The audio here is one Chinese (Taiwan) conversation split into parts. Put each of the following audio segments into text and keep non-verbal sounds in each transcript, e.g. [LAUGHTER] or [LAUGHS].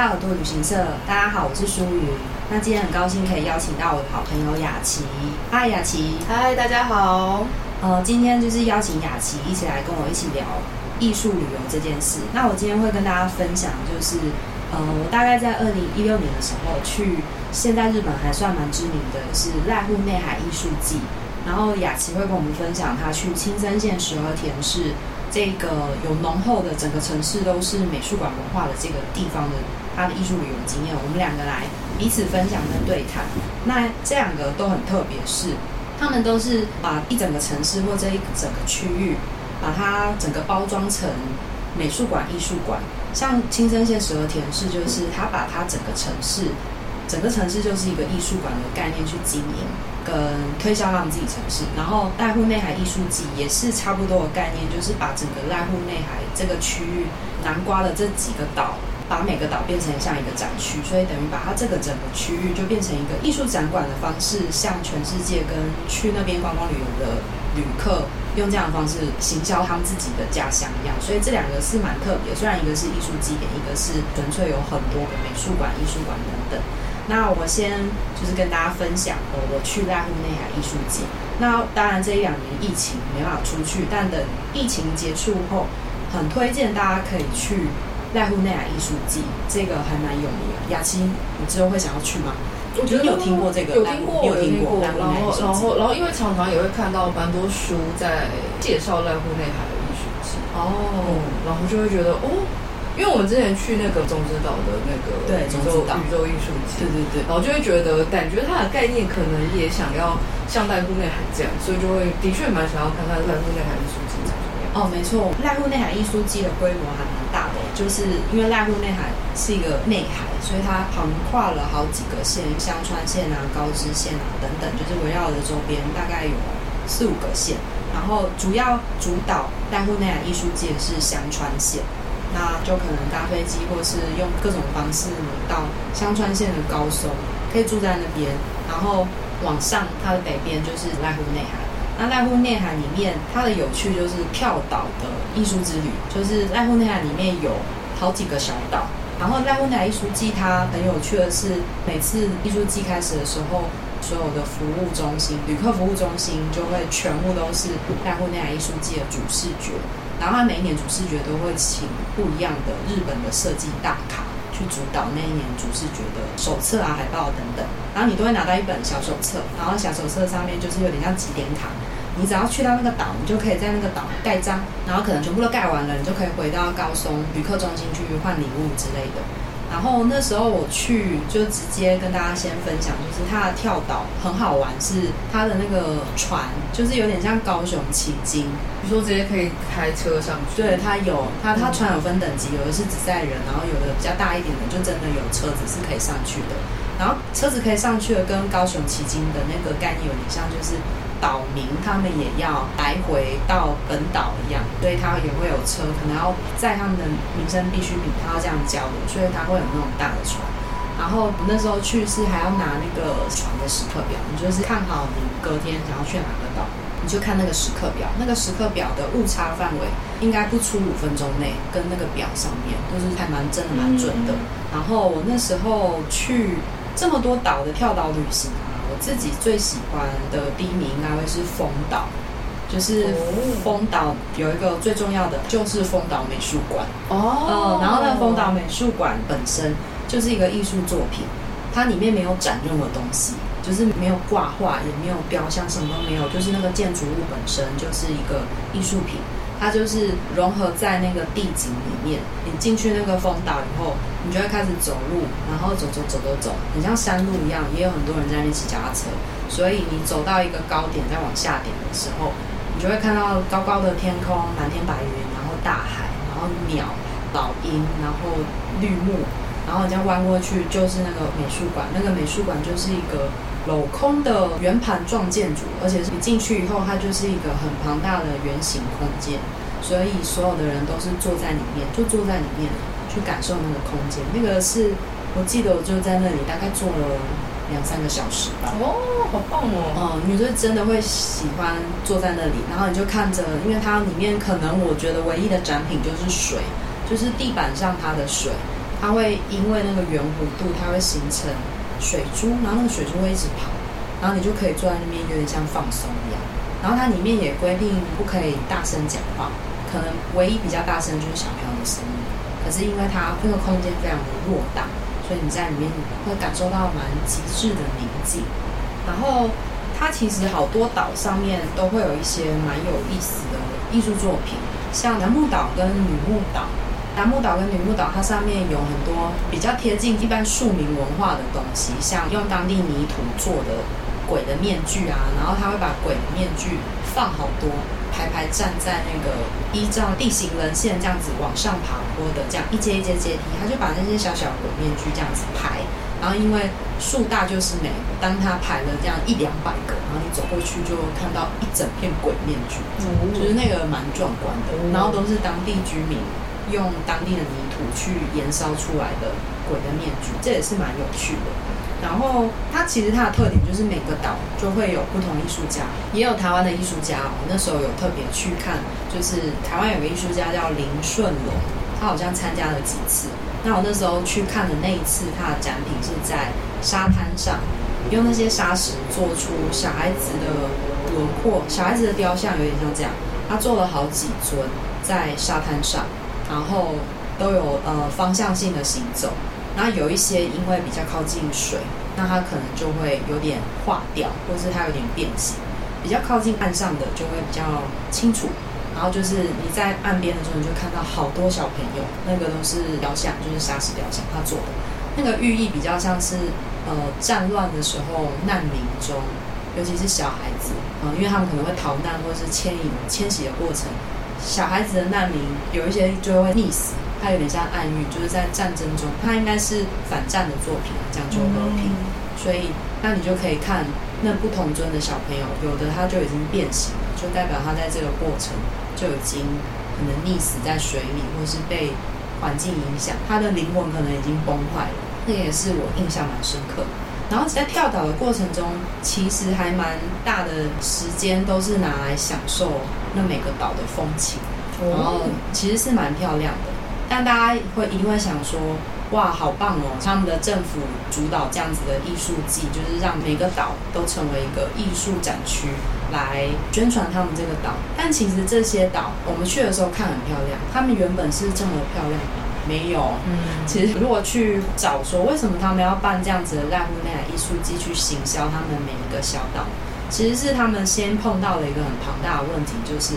大耳朵旅行社，大家好，我是梳雲。那今天很高興可以邀請到我的好朋友雅淇。嗨，雅淇。嗨，大家好。呃，今天就是邀請雅淇一起來跟我一起聊藝術旅遊這件事。那我今天會跟大家分享，就是，呃，我大概在二零一六年的時候去，現在日本還算蠻知名的，就是瀨戶內海藝術祭。然後雅淇會跟我們分享她去青森縣十和田市這個有濃厚的整個城市都是美術館文化的這個地方的。他的藝術旅遊經驗，我們兩個來彼此分享跟對談。那這兩個都很特別是，是他們都是把一整個城市或這一個整個區域，把它整個包裝成美術館、藝術館。像青森縣十和田市，就是他把他整個城市，整個城市就是一個藝術館的概念去經營跟推銷到自己城市。然後瀨戶內海藝術祭也是差不多的概念，就是把整個瀨戶內海這個區域，南瓜的這幾個島。把每個島變成像一個展區，所以等於把它這個整個區域就變成一個藝術展館的方式，向全世界跟去那邊觀光旅遊的旅客用這樣的方式行銷他們自己的家鄉一樣。所以這兩個是蠻特別，雖然一個是藝術祭點，跟一個是純粹有很多美術館、藝術館等等。那我先就是跟大家分享、哦，我我去瀨戶內海藝術祭。那當然這一兩年疫情沒辦法出去，但等疫情結束後，很推薦大家可以去。瀨戶內海藝術祭這個還蠻有名的、啊，雅淇，你之後會想要去嗎？我覺得有聽過這個，有聽,有聽過，有聽過。然後，然後，然後，因為常常也會看到蠻多書在介紹瀨戶內海的藝術祭。哦、oh, 嗯。然後就會覺得哦，因為我們之前去那個種子島的那個種子島宇宙藝術祭，對對對，然後就會覺得感覺得它的概念可能也想要像瀨戶內海這樣，所以就會的確蠻想要看看瀨戶內海藝術祭長什麼樣、嗯。哦，沒錯，瀨戶內海藝術祭的規模還蠻大。就是因為瀨戶內海是一個內海，所以它橫跨了好幾個縣，像香川縣啊、高知縣啊等等，就是圍繞的周邊大概有四五個縣。然後主要主導瀨戶內海藝術祭是香川縣，那就可能搭飛機或是用各種方式到香川縣的高松，可以住在那邊，然後往上它的北邊就是瀨戶內海。那瀨戶內海裡面，它的有趣就是跳島的藝術之旅。就是在瀨戶內海裡面有好幾個小島，然後瀨戶內海藝術季它很有趣的是，每次藝術季開始的時候，所有的服務中心、旅客服務中心就會全部都是瀨戶內海藝術季的主視覺。然後它每一年主視覺都會請不一樣的日本的設計大咖去主導那一年主視覺的手冊啊、海報等等。然後你都會拿到一本小手冊，然後小手冊上面就是有點像集點卡。你只要去到那個島，你就可以在那個島蓋章，然後可能全部都蓋完了，你就可以回到高松旅客中心去換禮物之類的。然後那時候我去，就直接跟大家先分享，就是它的跳島很好玩，是它的那個船，就是有點像高雄旗津。比如說直接可以開車上去？對，它有它它船有分等級，有的是只載人，然後有的比較大一點的就真的有車子是可以上去的。然後車子可以上去的，跟高雄旗津的那個概念有點像，就是。島民他們也要來回到本島一樣，所以他也會有車，可能要載他們的民生必需品，他要這樣交流，所以他會有那種大的船。然後那時候去是還要拿那個船的時刻表，你就是看好你隔天想要去哪個島，你就看那個時刻表。那個時刻表的誤差範圍應該不出五分鐘內，跟那個表上面就是還蠻真的蠻準的。嗯、然後我那時候去這麼多島的跳島旅行。自己最喜歡的第一名應該會是豐島，就是豐島有一個最重要的就是豐島美術館哦,哦，然後那個豐島美術館本身就是一個藝術作品，它裡面沒有展任何東西，就是沒有掛畫也沒有雕像，什麼都沒有，就是那個建築物本身就是一個藝術品，它就是融合在那個地景裡面，你進去那個豐島以後。你就會開始走路，然後走走走走走，很像山路一樣，也有很多人在那邊騎腳踏車。所以你走到一個高點，再往下點的時候，你就會看到高高的天空，藍天白雲，然後大海，然後鳥、老鷹，然後綠木，然後你再彎過去就是那個美術館。那個美術館就是一個鏤空的圓盤狀建築，而且是你進去以後，它就是一個很龐大的圓形空間，所以所有的人都是坐在裡面，就坐在裡面。去感受那個空間，那個是我記得，我就在那裡大概坐了兩三個小時吧。哦，好棒哦！哦、嗯，你就真的會喜歡坐在那裡，然後你就看着，因為它裡面可能我覺得唯一的展品就是水，就是地板上它的水，它會因為那個圓弧度，它會形成水珠，然後那個水珠會一直跑，然後你就可以坐在那邊，有點像放鬆一樣。然後它裡面也規定不可以大聲講話，可能唯一比較大聲就是小朋友的聲音。是因為它那個空間非常的偌大，所以你在裡面會感受到蠻極致的寧靜。然後，它其實好多島上面都會有一些蠻有意思的藝術作品，像男木島跟女木島。男木島跟女木島，它上面有很多比較貼近一般庶民文化的東西，像用當地泥土做的。鬼的面具啊，然後他會把鬼的面具放好多，排排站在那個依照地形人線這樣子往上爬，或者這樣一階一階階階梯，他就把那些小小鬼面具這樣子排。然後因為樹大就是美，當他排了這樣一兩百個，然後你走過去就看到一整片鬼面具，就是那個蠻壯觀的。然後都是當地居民用當地的泥土去燃燒出來的鬼的面具，這也是蠻有趣的。然後，它其實它的特點就是每個島就會有不同藝術家，也有台灣的藝術家。我那時候有特別去看，就是台灣有個藝術家叫林順龍，他好像參加了幾次。那我那時候去看的那一次，他的展品是在沙灘上，用那些沙石做出小孩子的輪廓，小孩子的雕像有點像這樣。他做了好幾尊在沙灘上，然後都有呃方向性的行走。那有一些因為比較靠近水，那它可能就會有點化掉，或是它有點變形。比較靠近岸上的就會比較清楚。然後就是你在岸邊的時候，你就看到好多小朋友，那個都是雕像，就是沙石雕像，他做的，那個寓意比較像是呃戰亂的時候，難民中，尤其是小孩子，嗯、呃，因為他們可能會逃難或者是遷移、遷徙的過程，小孩子的難民有一些就會溺死。它有點像暗喻，就是在戰爭中，它應該是反戰的作品，講究和平。嗯。所以，那你就可以看那不同尊的小朋友，有的他就已經變形了，就代表他在這個過程就已經可能溺死在水裡，或是被環境影響，他的靈魂可能已經崩壞了。那個也是我印象蠻深刻。然後在跳島的過程中，其實還蠻大的時間都是拿來享受那每個島的風情。哦，然後其實是蠻漂亮的。但大家會一定會想說，哇，好棒哦！他們的政府主導這樣子的藝術季，就是讓每個島都成為一個藝術展區來宣傳他們這個島。但其實這些島，我們去的時候看很漂亮，他們原本是這麼漂亮嗎？沒有。嗯，其實如果去找說，為什麼他們要辦這樣子的瀨戶內藝術季去行銷他們每一個小島，其實是他們先碰到了一個很龐大的問題，就是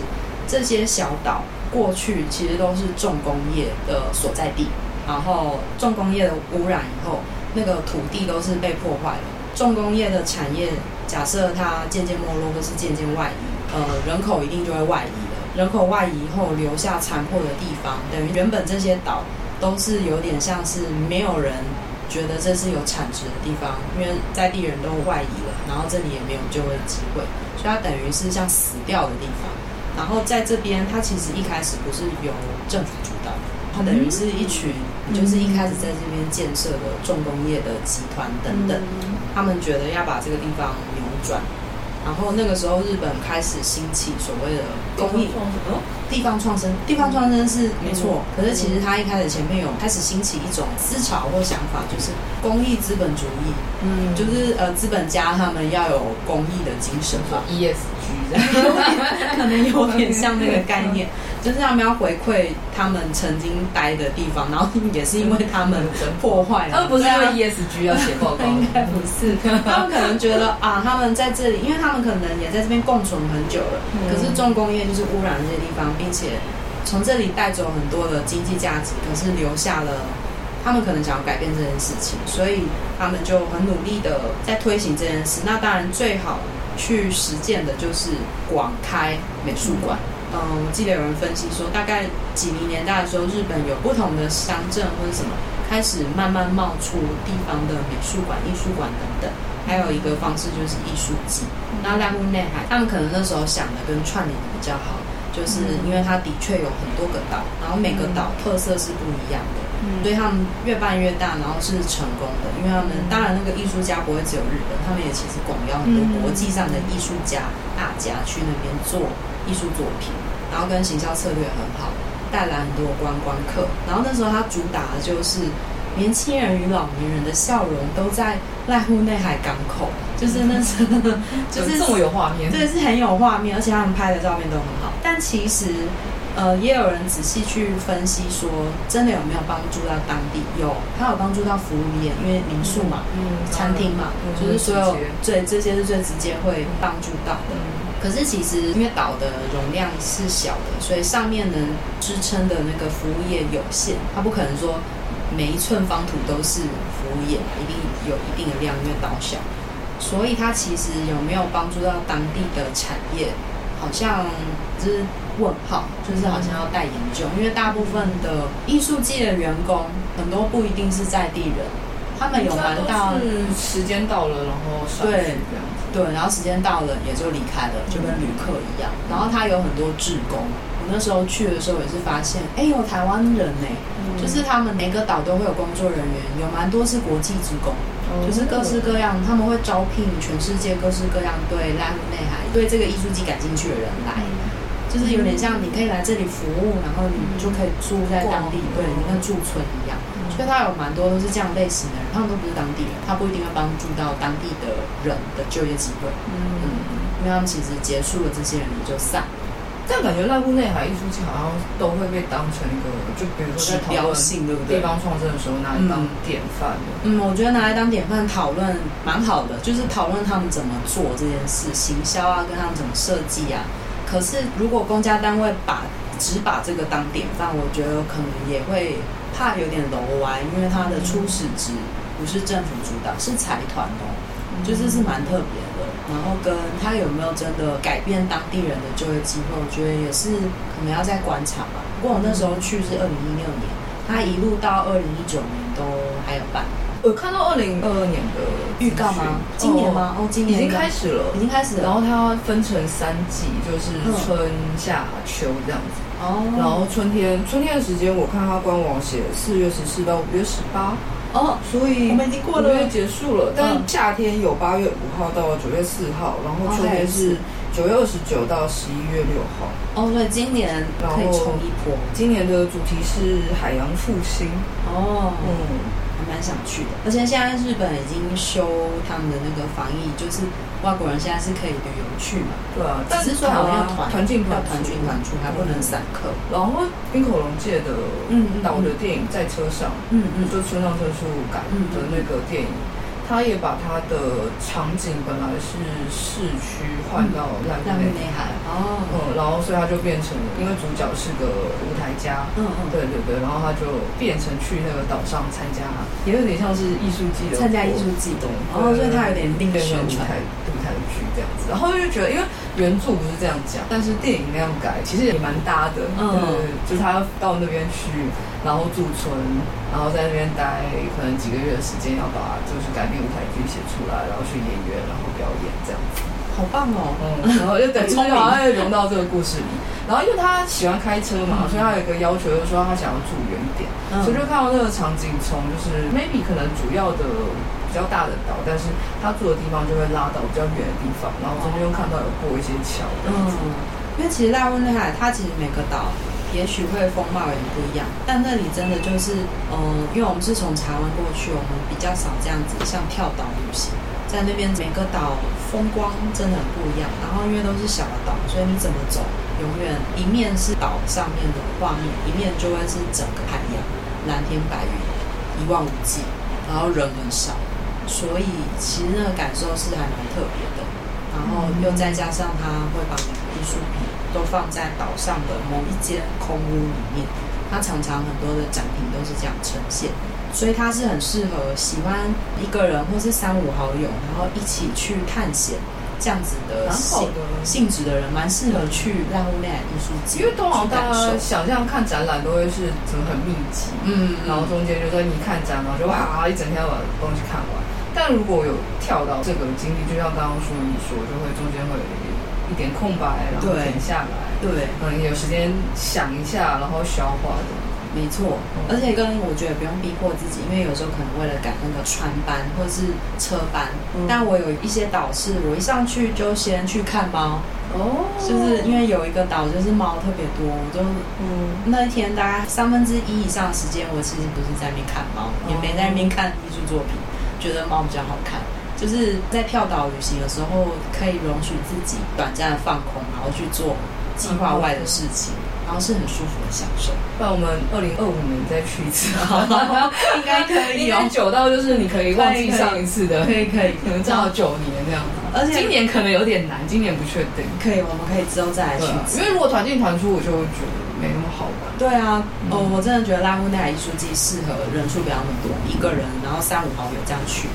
這些小島，過去其實都是重工業的所在地，然後重工業的污染以後，那個土地都是被破壞了。重工業的產業假設它漸漸沒落，或是漸漸外移，呃，人口一定就會外移了，人口外移以後，留下殘破的地方，等於原本這些島都是有點像是沒有人覺得這是有產值的地方，因為在地人都外移了，然後這裡也沒有就業機會，所以它等於是像死掉的地方。然後在這邊，他其實一開始不是由政府主導，他等於是一群、嗯，就是一開始在這邊建設的重工業的集團等等，嗯、他們覺得要把這個地方扭轉。然後那個時候，日本開始興起所謂的公益哦，地方創生，地方創生是沒錯。可是其實他一開始前面有開始興起一種思潮或想法，就是公益資本主義，嗯，就是呃資本家他們要有公益的精神嘛、嗯，yes。 [LAUGHS] 有點，可能有點像那個概念，okay，就是他們要回饋他們曾經待的地方，然後也是因為他們破壞了。他們不是因為 ESG 要寫報告？應該不是，他們可能覺得 [LAUGHS] 啊，他們在這裡，因為他們可能也在這邊共存很久了、嗯。可是重工業就是污染這些地方，並且從這裡帶走很多的經濟價值，可是留下了。他們可能想要改變這件事情，所以他們就很努力的在推行這件事。那當然最好。去實踐的就是廣開美術館。嗯，我記得有人分析說，大概幾零年代的時候，日本有不同的鄉鎮或者什麼，開始慢慢冒出地方的美術館、藝術館等等。還有一個方式就是藝術祭。那在瀨戶內海，他們可能那時候想的跟串聯的比較好。就是因為它的確有很多個島、嗯，然後每個島特色是不一樣的、嗯，所以他們越辦越大，然後是成功的。因為他們當然那個藝術家不會只有日本，他們也其實廣邀很多國際上的藝術家、嗯、大家去那邊做藝術作品、嗯，然後跟行銷策略很好，帶來很多觀光客。然後那時候他主打的就是，年輕人與老年人的笑容都在瀨戶內海港口，嗯、就是那時候，就是就是這麼有畫面，對、就，是很有畫面，而且他們拍的照片都很好。但其實，呃，也有人仔細去分析說，真的有沒有幫助到當地？有，它有幫助到服務業，因為民宿、嗯、嘛，嗯嗯、餐廳嘛、嗯，就是所有對、嗯、這些是最直接會幫助到的、嗯。可是其實，因為島的容量是小的，所以上面能支撐的那個服務業有限，它不可能說。每一寸方土都是服務業，一定有一定的量，因為島小，所以它其實有沒有幫助到當地的產業，好像就是問號，就是好像要帶研究、嗯，因為大部分的藝術界的員工很多不一定是在地人，他們有蠻大時間到了，然後上去對對，然後時間到了也就離開了，嗯、就跟、是、旅客一樣。然後他有很多志工，嗯、我那時候去的時候也是發現，哎、欸，有台灣人哎、欸。就是他們每個島都會有工作人員，有蠻多是國際志工、嗯，就是各式各樣，他們會招聘全世界各式各樣對瀨戶內海對這個藝術祭感興趣的人來，嗯、就是有點像你可以來這裡服務，然後你就可以住在當地，嗯、對，對你像駐村一樣、嗯。所以他有蠻多都是這樣類型的人，他們都不是當地人，他不一定會幫助到當地的人的就業機會，嗯，嗯嗯，因為他們其實結束了這些人就散了。這樣感覺瀨戶內海藝術祭好像都會被當成一個，就比如說指標性，對不對？地方創生的時候拿來當典範的。嗯，我覺得拿來當典範討論蠻好的，就是討論他們怎麼做這件事，行銷啊，跟他們怎麼設計啊。可是如果公家單位把只把這個當典範，我覺得可能也會怕有點樓歪，因為他的初始值不是政府主導，是財團哦，就是是蠻特別。然後跟他有沒有真的改變當地人的就業機會，我覺得也是可能要再觀察吧。不過我那時候去是二零一六年，他一路到二零一九年都還有辦、嗯、我看到二零二二年的預告嗎？今年嗎？哦，哦，今年已經開始了，已經開始了。然後它要分成三季，就是春夏、嗯、秋這樣子。哦。然後春天，春天的時間我看他官網寫四月十四到五月十八。哦哦、oh,，所以我們已經過了，九月結束了。但夏天有八月五號到九月四號，嗯，然後秋天是九月二十九到十一月六號。哦、oh,，對，今年，然後今年的主題是海洋復興。哦、oh,，oh. 嗯。蠻想去的，而且現在日本已經修他們的那個防疫，就是外國人現在是可以旅遊去嘛？對啊，但是說我們要團團進、團團進團出，還不能散客。然後濱口龍介的，嗯嗯，導的電影在車上，嗯嗯、嗯，就村上春樹感的那個電影。嗯嗯嗯他也把他的場景本來是市區換到南美。哦、嗯嗯嗯，然後所以他就變成，因為主角是個舞台家，嗯嗯，對對對，然後他就變成去那個島上參加，也有點像是藝術祭的參加藝術祭中，哦，所以他有點另類的舞台舞台劇這樣子，然後就覺得因為。原著不是這樣講，但是電影那樣改，其實也蠻搭的。嗯，嗯，就是他要到那邊去，然後駐村，然後在那邊待可能幾個月的時間，要把就是改編舞台劇寫出來，然後去演員，然後表演這樣子。好棒哦，嗯，然後就等於啊，融到這個故事裡。 [LAUGHS] 然後因為他喜歡開車嘛，嗯、所以他有一個要求，就是說他想要住遠一點、嗯，所以就看到那個場景，從就是 maybe、嗯、可能主要的比較大的島，但是他住的地方就會拉到比較遠的地方，嗯、然後中間又看到有過一些橋這樣子嗯。嗯，因為其實瀨戶內海，它其實每個島也許會風貌也不一樣，但那裡真的就是，嗯、呃、因為我們是從台灣過去，我們比較少這樣子像跳島旅行，在那邊每個島風光真的很不一樣。然後因為都是小的島，所以你怎麼走？永遠一面是島上面的畫面，一面就會是整個海洋，藍天白雲，一望無際，然後人很少，所以其實那個感受是還蠻特別的。然後又再加上他會把藝術品都放在島上的某一間空屋裡面，他常常很多的展品都是這樣呈現，所以他是很適合喜歡一個人或是三五好友然後一起去探險。這樣子的，的性性質的人，蠻適合去看瀨戶內藝術祭，因為通常大家想象看展覽都會是怎麼很密集，嗯，嗯然後中間就在你看展嘛，就哇，一整天要把東西看完。但如果我有跳到這個經歷，就像剛剛說一說，就會中間會有一點空白，然後停下來，對，對嗯，有時間想一下，然後消化的。沒錯，而且跟我覺得不用逼迫自己，因為有時候可能為了趕那個船班或者是車班，嗯，但我有一些島，是我一上去就先去看貓。哦，就是因為有一個島就是貓特別多，我就嗯那一天大概三分之一以上的時間，我其實不是在那邊看貓，也沒在那邊看藝術作品，哦，覺得貓比較好看。就是在跳島旅行的時候，可以容許自己短暫的放空，然後去做計劃外的事情。嗯嗯然後是很舒服的享受，不然我們二零二五年再去一次好不好？ [LAUGHS] 然後 [LAUGHS] 應該可以，哦，應該久到就是你可以忘記上一次的，可以可以，可以，可能正好九年這樣，而且今年可能有點難，今年不確定，嗯、可以我們可以之後再來去，啊去啊，因為如果團進團出，我就會覺得沒那麼好玩。對啊，嗯、哦，我真的覺得瀨戶內海藝術祭適合人數比較那麼多，嗯，一個人，然後三五好友這樣去，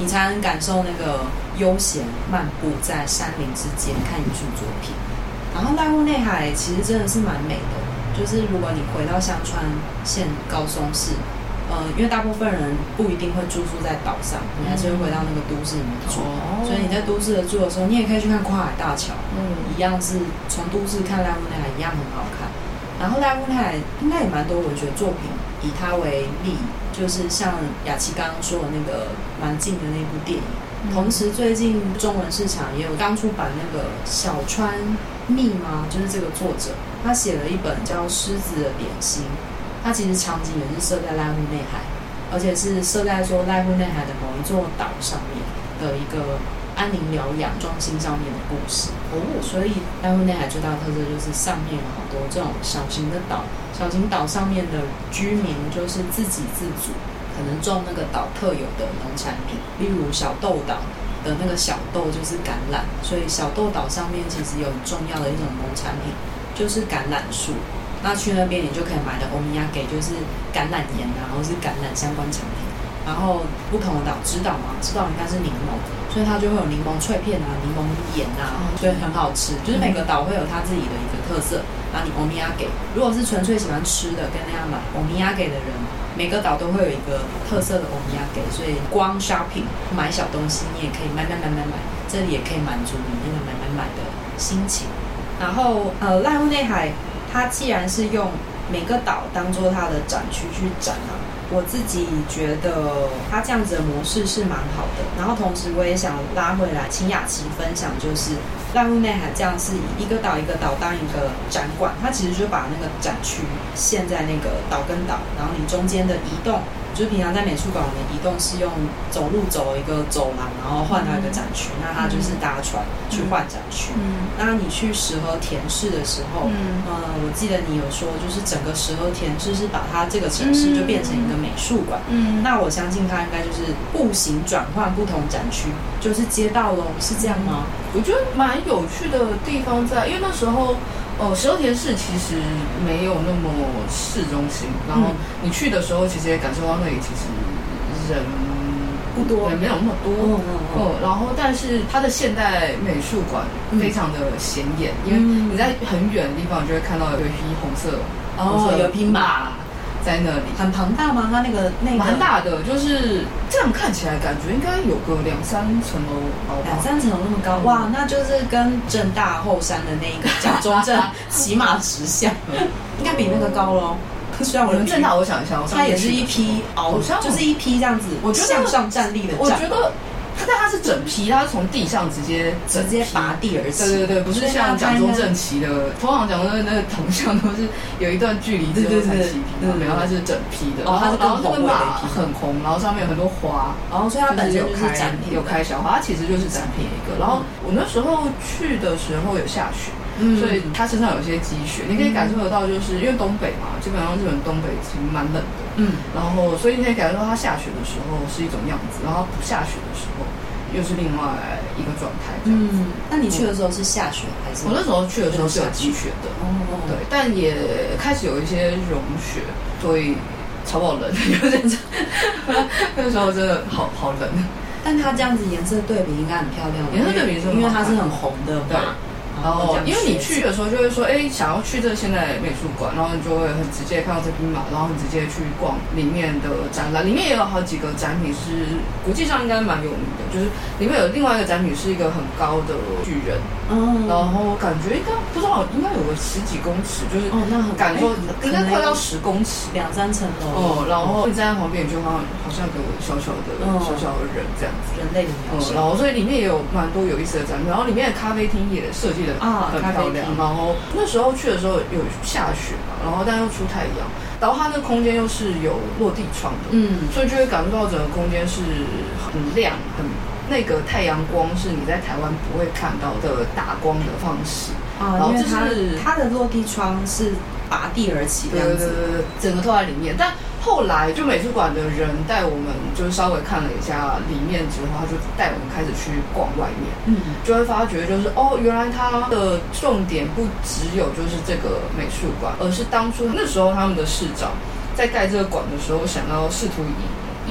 你才能感受那個悠閒漫步在山林之間看藝術作品。然後瀨戶內海其實真的是蠻美的，就是如果你回到香川縣高松市，呃，因為大部分人不一定會住宿在島上，你還是會回到那個都市裡面住，嗯。所以你在都市的住的時候，你也可以去看跨海大橋，嗯，一樣是從都市看瀨戶內海一樣很好看。然後瀨戶內海應該也蠻多文學作品，以它為例，就是像雅淇剛剛說的那個蠻近的那部電影。同時，最近中文市場也有剛出版那個小川糸嗎？就是這個作者，他寫了一本叫《獅子的點心》，它其實場景也是設在瀨戶內海，而且是設在說瀨戶內海的某一座島上面的一個安寧療養中心上面的故事。哦，所以瀨戶內海最大的特色就是上面有好多這種小型的島，小型島上面的居民就是自給自足。可能種那個島特有的農產品，例如小豆島的那個小豆就是橄欖，所以小豆島上面其實有很重要的一種農產品，就是橄欖樹。那去那邊你就可以買的歐米亞給就是橄欖鹽，然後是橄欖相關產品。然後不同的島，知道嗎？知道應該是檸檬，所以它就會有檸檬脆片啊，檸檬鹽啊，嗯、所以很好吃。就是每個島會有它自己的一個特色。嗯、然後你歐米亞給，如果是純粹喜歡吃的跟那樣買歐米亞給的人，每個島都會有一個特色的歐米亞給，所以光 shopping 買小東西，你也可以買買買買買，這裡也可以滿足你那個買買買的心情。然後呃，瀨戶內海，它既然是用每個島當做它的展區去展啊。我自己覺得它這樣子的模式是蠻好的，然後同時我也想拉回來，請雅淇分享，就是瀨戶內海這樣是以一個島一個島當一個展館，它其實就把那個展區建在那個島跟島，然後你中間的移動。就平常在美術館，我們移動是用走路走一個走廊，然後換到一個展區，嗯。那它就是搭船去換展區，嗯嗯。那你去十和田市的時候，嗯，嗯我記得你有說，就是整個十和田市是把它這個城市就變成一個美術館，嗯嗯。那我相信它應該就是步行轉換不同展區，就是街道嘍，是這樣嗎？嗯。我覺得蠻有趣的地方在，因為那時候。哦，十和田市其實沒有那麼市中心，然後你去的時候其實也感受到那裡其實人不多，人、嗯、沒有那麼多。哦,哦、嗯，然後但是它的現代美術館非常的顯眼，嗯、因為你在很遠的地方你就會看到有一匹紅色，哦，紅色有一匹馬。在那裡很龐大嗎？它那個那個蠻大的，就是這樣看起來，感覺應該有個兩三層樓兩三層樓那麼高，哇，那就是跟政大後山的那個蔣中正 [LAUGHS] 起碼直向，嗯、應該比那個高咯、哦。雖然我政大我，我想一下，它也是一批就是一批這樣子，我覺得向上站立的，我覺得。它但它是整匹，嗯，它從地上直接直接拔地而起。對對對，不是像蔣中正騎的，嗯，通常蔣中正那個銅像都是有一段距離之後才起皮的。沒有，它是整匹的，哦它的皮。然後它是跟紅很紅，嗯，然後上面有很多花，嗯，然後所以它本身有開，展、嗯、品，有開小花，它其實就是展品一個。然後我那時候去的時候有下雪，嗯、所以它身上有些積雪，嗯、你可以感受得到，就是因為東北嘛，基本上日本東北其實蠻冷的。嗯，然後所以你可以感覺到它下雪的時候是一種樣子，然後不下雪的時候又是另外一個狀態。嗯，那、嗯、你去的時候是下雪還是？我那時候去的時候是有積雪的雪，對，但也開始有一些融雪，所以超冷，嗯、 [LAUGHS] [LAUGHS] 那時候真的好好冷。但它這樣子顏色對比應該很漂亮，顏色對比因為它是很紅的吧，對。然後，因為你去的時候就會說，哎，想要去這現代美術館，然後你就會很直接看到這匹馬，然後你直接去逛裡面的展覽。裡面也有好幾個展品是國際上應該蠻有名的，就是裡面有另外一個展品是一個很高的巨人，嗯，然後感覺應該不知道應該有個十幾公尺，就是哦，那很感覺應該快到十公尺，兩三層樓哦、嗯。然後站、嗯、在旁邊就好像好像一個小小的、哦、小小的人這樣子，人類的東西，嗯。然後所以裡面也有蠻多有意思的展品，然後裡面的咖啡廳也設計了、嗯。啊、oh, 很漂亮。然後那時候去的時候有下雪嘛，然後但又出太陽，然後它那個空間又是有落地窗的，嗯，所以就會感受到整個空間是很亮，很那個太陽光是你在台灣不會看到的打光的方式啊，oh, 然後就是它，它的落地窗是拔地而起的樣子、呃，整個都在裡面，但。後來，就美術館的人帶我們，就是稍微看了一下裡面之後，他就帶我們開始去逛外面。嗯，就會發覺，就是哦，原來它的重點不只有就是這個美術館，而是當初那時候他們的市長在蓋這個館的時候，想要試圖。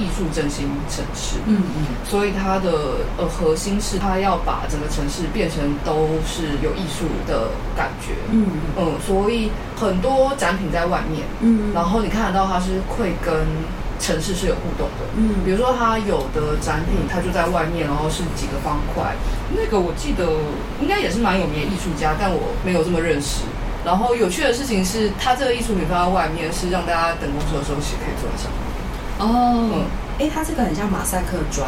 藝術振興城市，嗯嗯，所以它的呃核心是它要把整個城市變成都是有藝術的感覺，嗯嗯，嗯，所以很多展品在外面，嗯，然後你看得到它是會跟城市是有互動的，嗯，比如說它有的展品它就在外面，然後是幾個方塊，那個我記得應該也是蠻有名的藝術家，但我沒有這麼認識。然後有趣的事情是，它這個藝術品放在外面，是讓大家等公車的時候其實可以坐一下。哦、oh，嗯，哎，它這個很像馬賽克磚。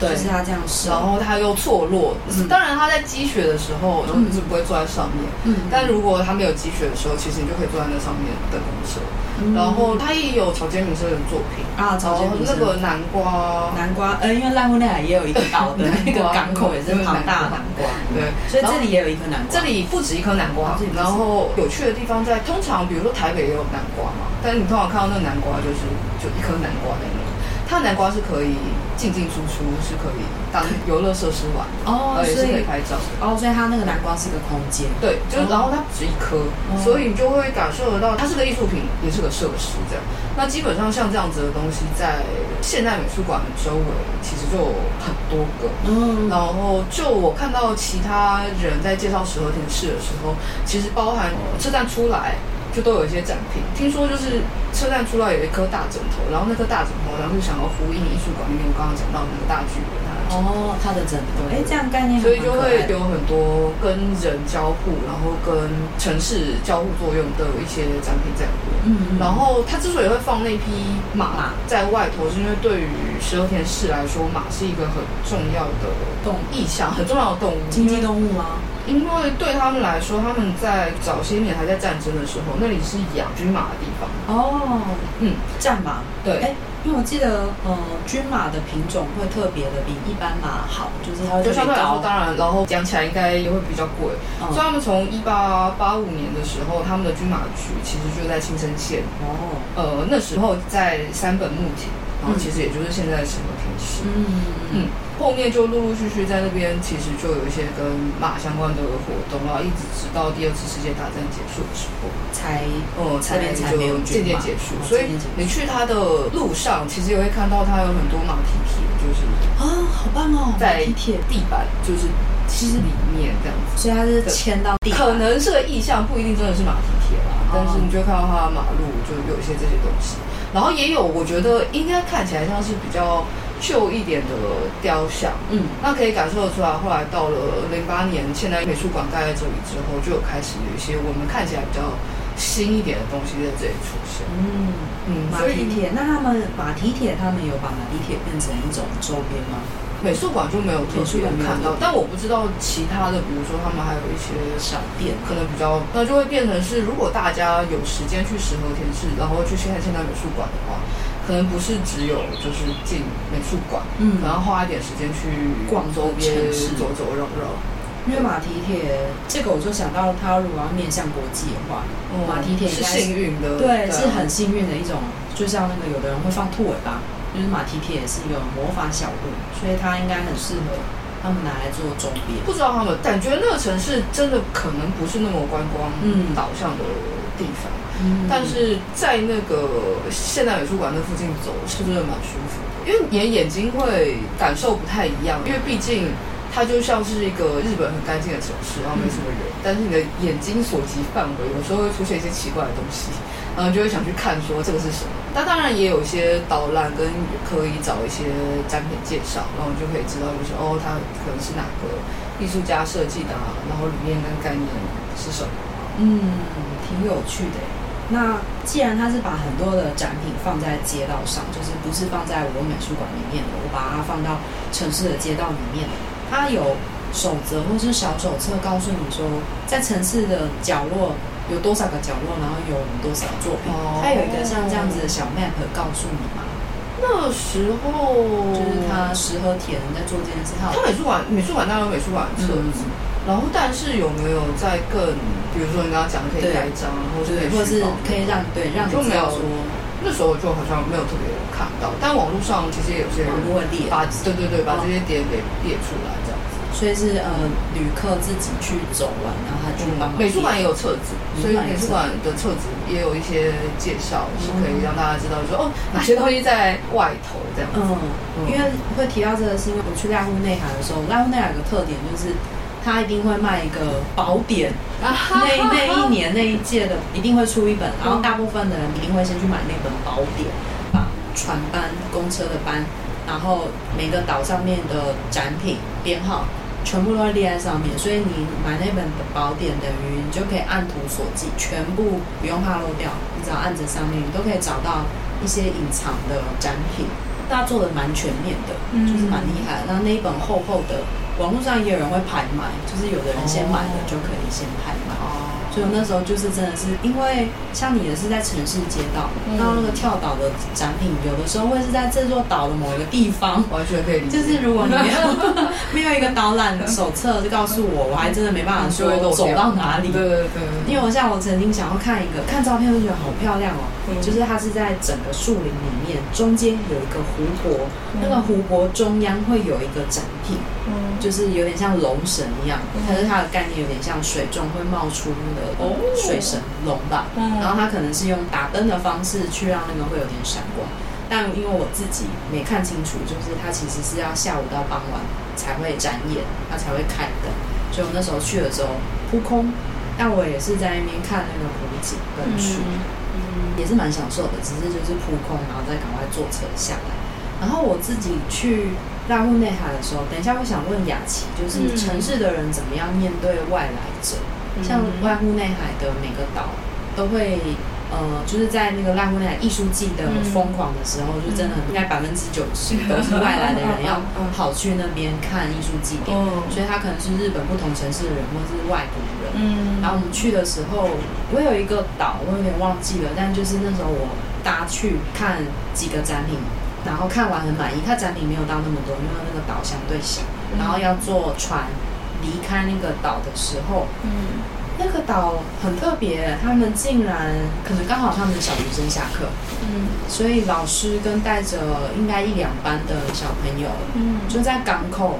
對就是他這樣式，然後他又錯落。嗯、當然，他在積雪的時候，就、嗯、是不會坐在上面。嗯，但如果他沒有積雪的時候、嗯，其實你就可以坐在那上面等公車、嗯。然後他也有草間彌生的作品啊，草間那個南瓜，南瓜，呃因為瀨戶內海也有一個島的那個港口也是龐大的南瓜，對，所以這裡也有一顆南瓜。這裡不止一顆南瓜，然後有趣的地方在通常，比如說台北也有南瓜嘛，但是你通常看到那個南瓜就是就一顆南瓜的那種。它南瓜是可以進進出出，是可以當遊樂設施玩的，哦，也是可以拍照的，哦，所以它那個南瓜是一個空間，對，就、哦、然後它不止一顆、哦，所以你就會感受得到，它是個藝術品，也是個設施這樣。那基本上像這樣子的東西，在現代美術館的周圍，其實就有很多個，嗯、哦，然後就我看到其他人在介紹十和田市的時候，其實包含車站出來。就都有一些展品，聽說就是車站出來有一顆大枕頭，然後那顆大枕頭然後就想要呼應藝術館裡面、嗯、我剛剛講到的那個大劇院。哦，它的整個，哎，這樣概念，所以就會有很多跟人交互，然後跟城市交互作用的一些展品在。嗯，嗯，然後它之所以會放那匹馬在外頭，是因為對於十和田市來說，馬是一個很重要的動物意象，很重要的動物，經濟動物嗎？因為對他們來說，他們在早些年還在戰爭的時候，那裡是養軍馬的地方。哦，嗯，戰馬，對，哎。因為我記得，呃，軍馬的品種會特別的比一般馬好，就是它要更高就。當然，然後養起來應該也會比較貴。嗯、所以他們從一八八五年的時候，他們的軍馬局其實就在青森縣。哦。呃，那時候在三本木田，然後其實也就是現在的什麼。嗯嗯嗯，嗯，後面就陸陸續續在那邊，其實就有一些跟馬相關的活動啦，然後一直直到第二次世界大戰結束的時候，才呃、嗯嗯、才就漸漸結、結束。所以你去它的路上，其實也會看到它有很多馬蹄鐵，就是啊，好棒哦！在鐵、哦就是、地板就是其實裡面這樣子，所以它是牽到地板，可能是意象，不一定真的是馬蹄鐵啦、嗯啊。但是你就看到它的馬路，就有一些這些東西，然後也有我覺得應該看起來像是比較。舊一點的雕像，嗯，那可以感受得出來。後來到了零八年，現代美術館蓋在這裡之後，就有開始有一些我們看起來比較新一點的東西在這裡出現，嗯嗯。馬蹄鐵，那他們馬蹄鐵，他們有把馬蹄鐵變成一種周邊嗎？美術館就沒有特別看，看到，但我不知道其他的，比如說他們還有一些小店，可能比較，那就會變成是，如果大家有時間去十和田市，然後去現在現代美術館的話。可能不是只有就是進美術館，嗯，然後花一點時間去逛周邊，嗯、走走繞繞。因為馬蹄鐵這個，我就想到它如果要面向國際的話，嗯、馬蹄鐵是幸運的對對，對，是很幸運的一種、嗯。就像那個有的人會放兔尾巴，嗯、就是馬蹄鐵也是一個魔法小物、嗯，所以它應該很適合他們拿來做周邊。不知道他們感覺那個城市真的可能不是那麼觀光導向、嗯、的地方。嗯、但是在那個現代美術館那附近走，是不是蠻舒服的？因為你的眼睛會感受不太一樣，因為畢竟它就像是一個日本很乾淨的城市，然後沒什麼人。嗯、但是你的眼睛所及範圍，有時候會出現一些奇怪的東西，然後就會想去看說，這個是什麼。那、嗯、當然也有一些導覽跟可以找一些展品介紹，然後你就可以知道就是哦，它可能是哪個藝術家設計的、啊，然後裡面跟概念是什麼嗯。嗯，挺有趣的、欸。那既然他是把很多的展品放在街道上，就是不是放在我美術館裡面的，我把它放到城市的街道裡面。他有守則或是小手冊，告訴你說在城市的角落有多少個角落，然後有多少作品。他、哦、有一個像這樣子的小 map 告訴你嘛。那時候就是他十和田人在做這件事。他美術館、啊、美術館當然有美術館了。嗯，是然後，但是有沒有在更，比如說你剛剛講的可以蓋章，然後就可以或者是可以讓對讓就沒有、嗯、那時候就好像沒有特別有看到，但網絡上其實有些人會列把對對對、哦、把這些點給列出來這樣子，所以是呃旅客自己去走完，然後他就、嗯、美術館也有冊子，所以美術館的冊子也有一些介紹是可以讓大家知道說、嗯、哦哪些東西在外頭這樣子嗯，嗯，因為會提到這個是因為我去瀨戶內海的時候，瀨戶內海有個特點就是。他一定會賣一個寶典，啊、那那一，那一年那一屆的一定會出一本，然後大部分的人一定會先去買那本寶典，把船班、公車的班，然後每個島上面的展品編號全部都在列在上面，所以你買那本的寶典等於你就可以按圖索驥，全部不用怕漏掉，你只要按着上面，你都可以找到一些隱藏的展品。他做的蠻全面的，就是蠻厲害的、嗯。然後那一本厚厚的。網絡上也有人會拍賣，就是有的人先買了就可以先拍賣。哦，所以那時候就是真的是因為像你也是在城市街道，那、嗯、那個跳島的展品，有的時候會是在這座島的某一個地方。完全可以理解。就是如果你沒有 [LAUGHS] 沒有一個導覽手冊告訴我，我還真的沒辦法說走到哪裡。嗯嗯嗯、對對對。因為我現在我曾經想要看一個看照片就覺得好漂亮哦，嗯、就是它是在整個樹林裡面，中間有一個湖泊、嗯，那個湖泊中央會有一個展品。嗯。就是有點像龍神一樣、嗯，但是它的概念有點像水中會冒出那個水神龍吧、哦。然後它可能是用打燈的方式去讓那個會有點閃光、嗯，但因為我自己沒看清楚，就是它其實是要下午到傍晚才會展演，它才會開燈。所以我那時候去的時候撲空，但我也是在那邊看那個湖景跟樹、嗯嗯，也是蠻享受的。只是就是撲空，然後再趕快坐車下來。然後我自己去瀨戶內海的時候，等一下我想問雅淇，就是城市的人怎麼樣面對外來者？嗯、像瀨戶內海的每個島、嗯、都會，呃，就是在那個瀨戶內海藝術祭的瘋狂的時候，嗯、就真的應該百分之九十都是外來的人要跑去那邊看藝術祭點、嗯，所以他可能是日本不同城市的人或者是外國人、嗯。然後我們去的時候，我有一個島，我有點忘記了，但就是那時候我搭去看幾個展品。然後看完很滿意，他展品沒有到那麼多，因為那個島相對小，嗯。然後要坐船離開那個島的時候，嗯，那個島很特別，他們竟然可能剛好他們的小學生下課，嗯，所以老師跟帶着應該一兩班的小朋友，嗯，就在港口。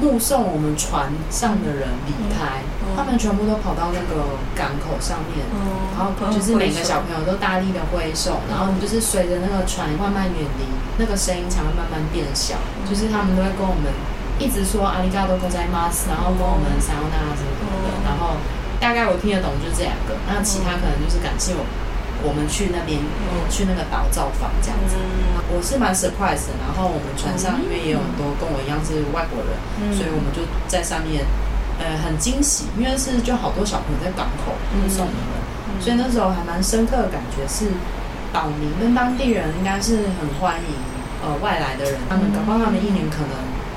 目送我們船上的人離開、嗯嗯，他們全部都跑到那個港口上面，嗯嗯、然後就是每個小朋友都大力的揮手、哦，然後你就是隨着那個船慢慢遠離，那個聲音才會慢慢變小、嗯。就是他們都會跟我們一直說阿里嘎多在塞瑪斯然後跟我們桑烏納什，然後大概我聽得懂就是這兩個，那其他可能就是感謝我們。嗯我們去那邊、嗯，去那個島造訪這樣子。嗯、我是蠻 surprise 的，然後我們船上因為也有很多跟我一樣是外國人，嗯嗯、所以我們就在上面，呃，很驚喜，因為是就好多小朋友在港口送你們，所以那時候還蠻深刻的感覺是，島民跟當地人應該是很歡迎呃外來的人、嗯，他們搞不好他們一年可能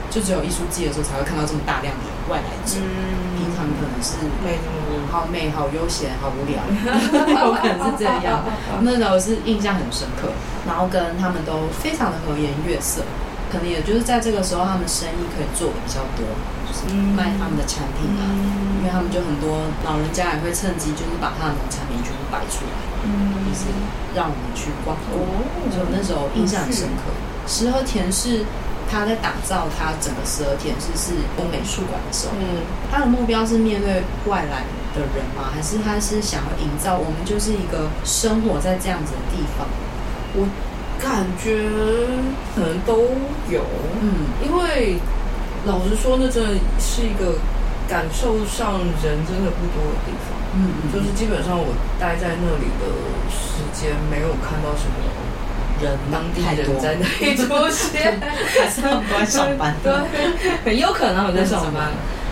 就只有藝術季的時候才會看到這麼大量的外來者。嗯嗯可能是好美好悠閒好無聊，可能是這樣。那時候是印象很深刻，然後跟他們都非常的和顏悅色。可能也就是在這個時候，他們生意可以做的比較多，就是賣他們的產品啊、嗯。因為他們就很多老人家也會趁機就是把他們的產品全部擺出來、嗯，就是讓我們去光顧。就、哦嗯、那時候印象很深刻。十和田市。他在打造他整個十和田市現代美術館的時候，嗯，他的目標是面對外來的人嗎？還是他是想要營造我們就是一個生活在這樣子的地方？我感覺可能都有，嗯，因為老實說，那真的是一個感受上人真的不多的地方，嗯嗯，就是基本上我待在那裡的時間沒有看到什麼。人當地人太多在那裡一直都是在上班， [LAUGHS] 小班 [LAUGHS] 對，很有可能他們在上班，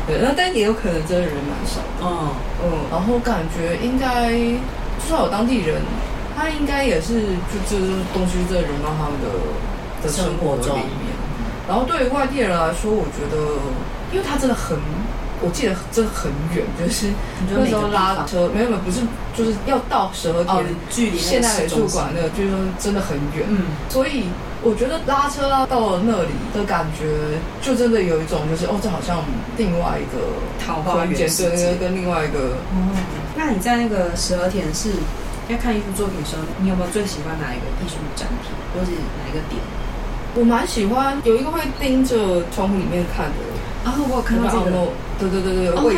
對，那但也有可能真的人蠻少的，嗯嗯，然後感覺應該至少有當地人，他應該也是就這東西在融入他們的，的生活中，然後對於外地人來說，我覺得因為他真的很。我記得這很遠，就是那時候拉車，沒有沒有，不是，就是要到十和田、哦、距離現代美術館那個，就是說真的很遠。嗯，所以我覺得拉車、啊、到了那裡的感覺，就真的有一種，就是哦，這好像另外一個桃花源，對，跟另外一個。哦、嗯嗯，那你在那個十和田市，要看一幅作品的時候，你有沒有最喜歡哪一個藝術展品，或者是哪一個點？我蠻喜歡有一個會盯着窗戶裡面看的。啊，我有看到有有這個。這個對對對對對，哦、未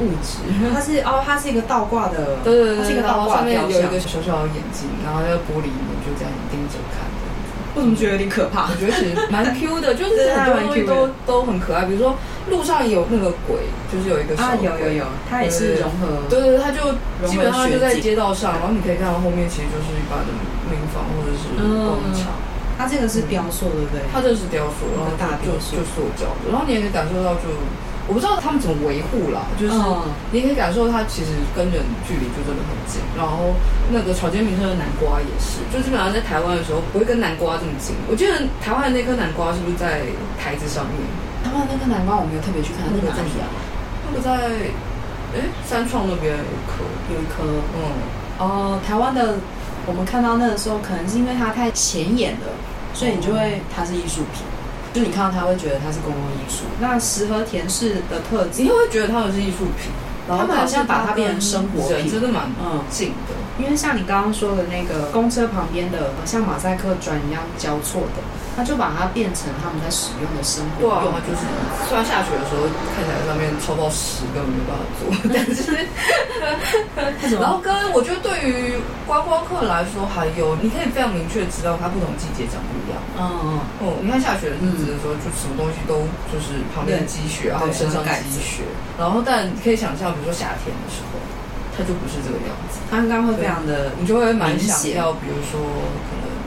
物質。它是哦，它是一個倒掛的，對對對，它是一個倒掛的有一個小小的眼睛，然後在玻璃幕就這樣盯着看對對。我怎麼覺得有點可怕？我覺得其實蠻 Q 的， [LAUGHS] 就是它很多東西都都很,都,都很可愛。比如說路上有那個鬼，就是有一個小鬼、啊有有有，它也是融合，對對,對,對,對,對，它就基本上就在街道上，然後你可以看到後面其實就是一般的民房或者是廣場。它、嗯嗯嗯啊、這個是雕塑，嗯、對不對？它這是雕塑，然後雕塑大雕塑就塑膠的，然後你也可以感受到就。我不知道他們怎麼維護啦，就是你可以感受它其實跟人距離就真的很近。嗯、然後那個草間彌生的南瓜也是，就基本上在台灣的時候不會跟南瓜這麼近。我記得台灣的那顆南瓜是不是在台子上面？台灣那顆南瓜我沒有特別去看，啊，那個在哪裡？欸？那個在哎三創那邊有一顆，有一顆。嗯，哦、呃，台灣的我們看到那個時候可能是因為它太顯眼了，所以你就會，嗯、它是藝術品。就你看到它會覺得它是公共藝術，那十和田市的特質，你會覺得它們是藝術品，他們好像把它變成生活品，嗯、是的真的蠻緊、嗯、的。因為像你剛剛說的那個公車旁邊的，像馬賽克磚一樣交錯的。他就把它變成他們在使用的生活用、啊，就是雖然下雪的時候，看起來上面超到十，根本沒有辦法做。但是， [LAUGHS] 然後跟我覺得對於觀光客來說，還有你可以非常明確知道它不同季節長不一樣。嗯嗯哦，你看下雪的日子的時候，嗯、就什麼東西都就是旁邊的積雪，然後身上積雪然，然後但可以想象，比如說夏天的時候，它就不是這個樣子，它應該會非常的，你就會蠻想要，比如說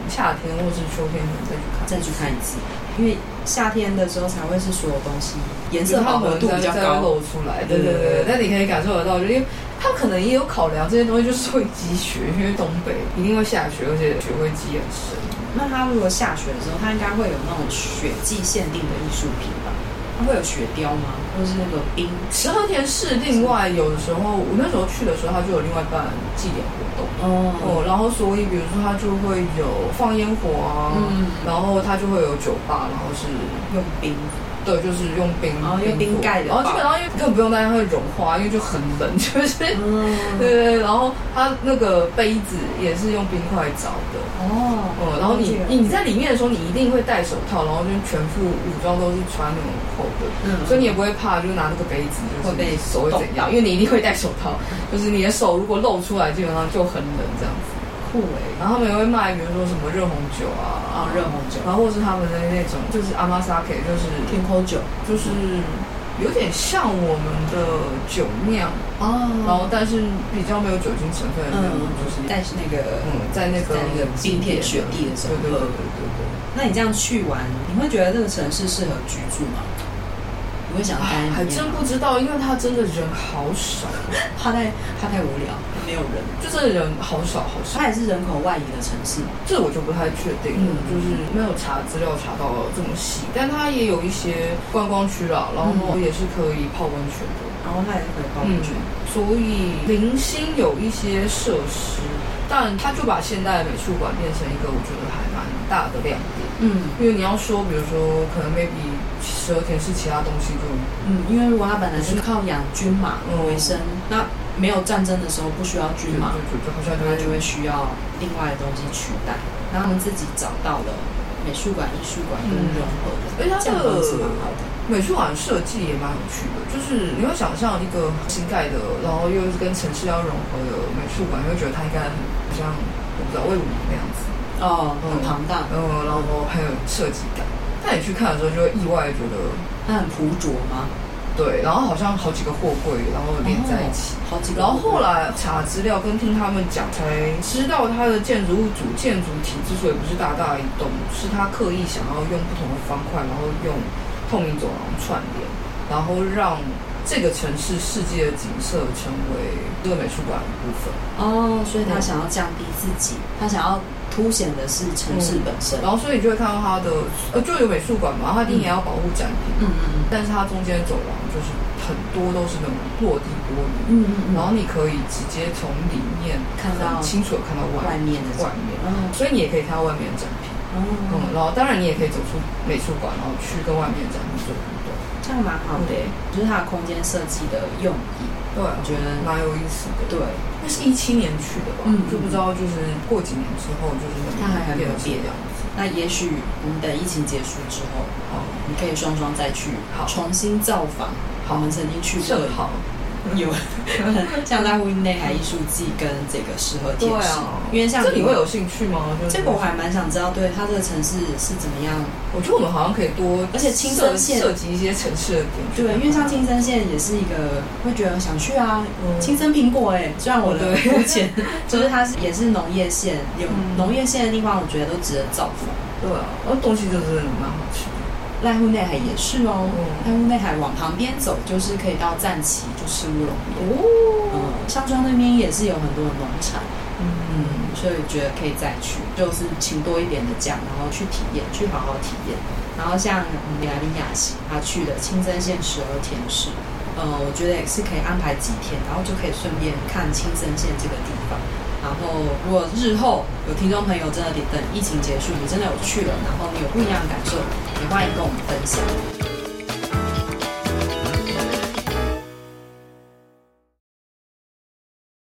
夏天或者秋天，可能再去看，再去看一次，因為夏天的時候才會是所有東西顏色飽和，和飽和度比較高，露出來。對對對對，對對對。但你可以感受得到，因為它可能也有考量這些東西，就是會積雪，因為東北一定會下雪，而且雪會積很深。那它如果下雪的時候，它應該會有那種雪季限定的藝術品吧。它會有雪雕嗎？或是那個冰？十和田市另外有的時候，我那時候去的時候，它就有另外辦祭典活動哦。哦，然後所以比如說，它就會有放煙火啊、嗯，然後它就會有酒吧，然後是用冰。對，就是用冰，然、哦、後用冰蓋的，然後基本上因為更不用擔心會融化，嗯，因為就很冷，就是，對、嗯、對對，然後它那個杯子也是用冰塊鑿的，哦、嗯、然後你、嗯、你，你在裡面的時候，你一定會戴手套，然後就全副武裝都是穿那種厚的，嗯，所以你也不會怕，就拿那個杯子就是被手會怎樣，嗯，因為你一定會戴手套，就是你的手如果露出來，基本上就很冷這樣子。鋪然後他們也會賣，比如說什麼熱紅酒啊啊、哦，熱紅酒，然後或是他們的那種就，就是 amasake，就是甜口酒，就是有點像我們的酒釀哦、嗯，然後但是比較沒有酒精成分，嗯，就是、那個、但是那個嗯，在那個在冰天雪地的時候對，對對對對對。那你這樣去玩，你會覺得這個城市適合居住嗎？你會想待、啊？還真不知道，因為他真的人好少， [LAUGHS] 怕太怕太無聊。沒有人，就這人好少好少，它也是人口外移的城市，這我就不太確定了、嗯就是，就是沒有查資料查到這麼細，但它也有一些觀光區啦，然後也是可以泡溫泉的，嗯、然後它也是可以泡溫泉、嗯，所以零星有一些設施，但它就把現代美術館變成一個我覺得還蠻大的亮點，嗯，因為你要說，比如說可能 maybe 十和田是其他東西更，嗯，因為如果它本來是靠養軍馬，嗯，為生，那。沒有戰爭的時候不需要軍嘛，對對對，就好像就會，就會需要另外的東西取代，然後他們自己找到了美術館、藝術館跟的融合。哎、嗯，它、欸、的，這蠻好的美術館設計也蠻有趣的，就是你會想象一個新蓋的，然後又是跟城市要融合的美術館，你會覺得它應該很，很像我不知道衛武營那樣子哦、嗯，很龐大，後、嗯、然後很有設計感。但你去看的時候，就意外覺得它、嗯、很樸拙嗎？對，然後好像好幾個貨櫃，然後連在一起，好幾個。然後後來查資料跟聽他們講，才知道它的建築物主建築體之所以不是大大一棟，是他刻意想要用不同的方塊，然後用透明走廊串聯，然後讓這個城市世界的景色成為這個美術館的部分。哦，所以他想要降低自己、嗯，他想要。凸顯的是城市本身、嗯嗯，然後所以你就會看到它，的呃，就有美術館嘛，它一定也要保護展品，嗯嗯嗯，但是它中間走廊就是很多都是那種落地玻璃，嗯嗯嗯，然後你可以直接從裡面看到看清楚的看到外，外面的外面、哦，所以你也可以看到外面的展品，哦，嗯，然後當然你也可以走出美術館，然後去跟外面的展品做互動，這樣蠻好的、嗯，就是它的空間設計的用意。對、啊，我覺得蠻有意思的。對，那是一七年去的吧？嗯，就不知道就是過幾年之後，就是怎麼樣、嗯、還有沒有這樣子。那也許你等疫情結束之後，你可以雙雙再去好，重新造訪好，好，我們曾經去過的。設 [LAUGHS] 有像在瀨戶內海藝術祭跟這個十和田市，因為像這裡會有興趣嗎？這個我還蠻想知道，對它這個城市是怎麼樣？我覺得我們好像可以多，而且青森縣，涉及一些城市的點，對，因為像青森縣也是一個會覺得想去啊，嗯，青森蘋果哎、欸，雖然我的我目前就是它是也是農業縣，有農、嗯、業縣的地方，我覺得都值得造訪。對、啊，那東西就是蠻好吃。瀨戶內海也是哦，瀨戶內海往旁邊走就是可以到讚岐，就是烏龍哦。嗯、香川那邊也是有很多的農場，嗯，嗯，所以覺得可以再去，就是請多一點的假，然後去體驗，去好好體驗。然後像李蘭妮雅淇她去的青森縣十和田市，呃、嗯，我覺得也是可以安排幾天，然後就可以順便看青森縣這個地方。然後，如果日後有聽眾朋友真的等疫情結束，你真的有去了，然後你有不一樣的感受，也歡迎跟我們分享。